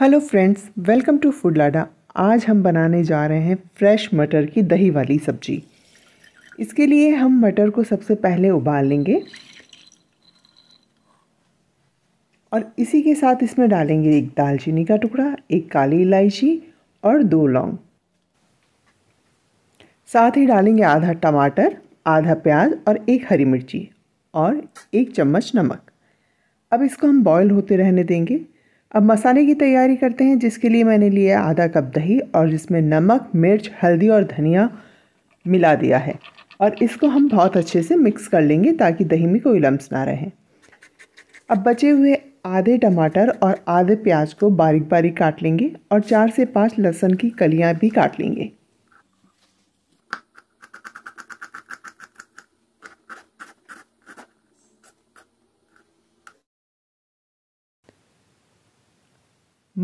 hello friends welcome to food लाडा आज हम बनाने जा रहे हैं फ्रेश मटर की दही वाली सब्जी इसके लिए हम मटर को सबसे पहले उबाल लेंगे और इसी के साथ इसमें डालेंगे एक दालचीनी का टुकड़ा एक काली इलायची और दो लौंग साथ ही डालेंगे आधा टमाटर आधा प्याज और एक हरी मिर्ची और एक चम्मच नमक अब इसको हम बॉईल होते रहने देंगे अब मसाले की तैयारी करते हैं जिसके लिए मैंने लिया आधा कप दही और जिसमें नमक मिर्च हल्दी और धनिया मिला दिया है और इसको हम बहुत अच्छे से मिक्स कर लेंगे ताकि दही में कोई लम्स ना रहे अब बचे हुए आधे टमाटर और आधे प्याज को बारीक बारीक काट लेंगे और चार से पाँच लहसुन की कलियाँ भी काट लेंगे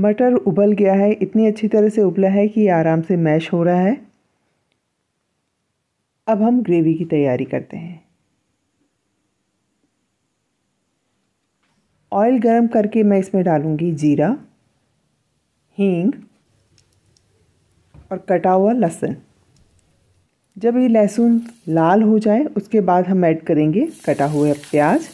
मटर उबल गया है इतनी अच्छी तरह से उबला है कि आराम से मैश हो रहा है अब हम ग्रेवी की तैयारी करते हैं ऑयल गरम करके मैं इसमें डालूंगी जीरा हींग और कटा हुआ लहसुन जब ये लहसुन लाल हो जाए उसके बाद हम ऐड करेंगे कटा हुआ प्याज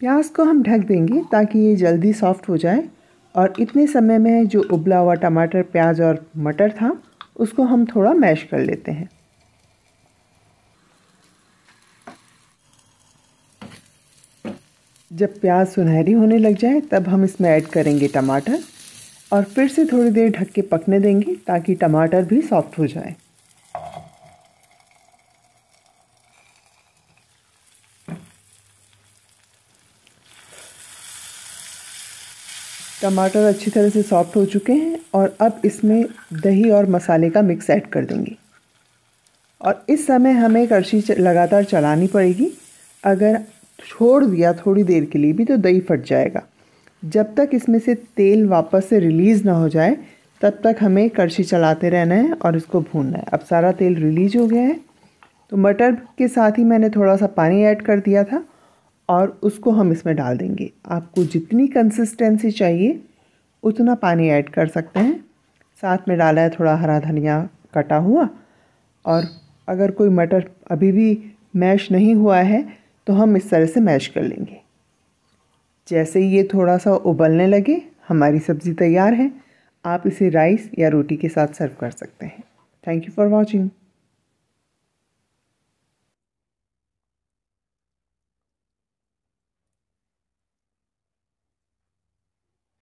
प्याज को हम ढक देंगे ताकि ये जल्दी सॉफ्ट हो जाए और इतने समय में जो उबला हुआ टमाटर प्याज और मटर था उसको हम थोड़ा मैश कर लेते हैं जब प्याज सुनहरी होने लग जाए तब हम इसमें ऐड करेंगे टमाटर और फिर से थोड़ी देर ढक के पकने देंगे ताकि टमाटर भी सॉफ्ट हो जाए टमाटर अच्छी तरह से सॉफ्ट हो चुके हैं और अब इसमें दही और मसाले का मिक्स ऐड कर दूंगी और इस समय हमें कड़छी लगातार चलानी पड़ेगी अगर छोड़ दिया थोड़ी देर के लिए भी तो दही फट जाएगा जब तक इसमें से तेल वापस से रिलीज़ ना हो जाए तब तक हमें कड़छी चलाते रहना है और इसको भूनना है अब सारा तेल रिलीज हो गया है तो मटर के साथ ही मैंने थोड़ा सा पानी ऐड कर दिया था और उसको हम इसमें डाल देंगे आपको जितनी कंसिस्टेंसी चाहिए उतना पानी ऐड कर सकते हैं साथ में डाला है थोड़ा हरा धनिया कटा हुआ और अगर कोई मटर अभी भी मैश नहीं हुआ है तो हम इस तरह से मैश कर लेंगे जैसे ही ये थोड़ा सा उबलने लगे हमारी सब्ज़ी तैयार है आप इसे राइस या रोटी के साथ सर्व कर सकते हैं थैंक यू फॉर वॉचिंग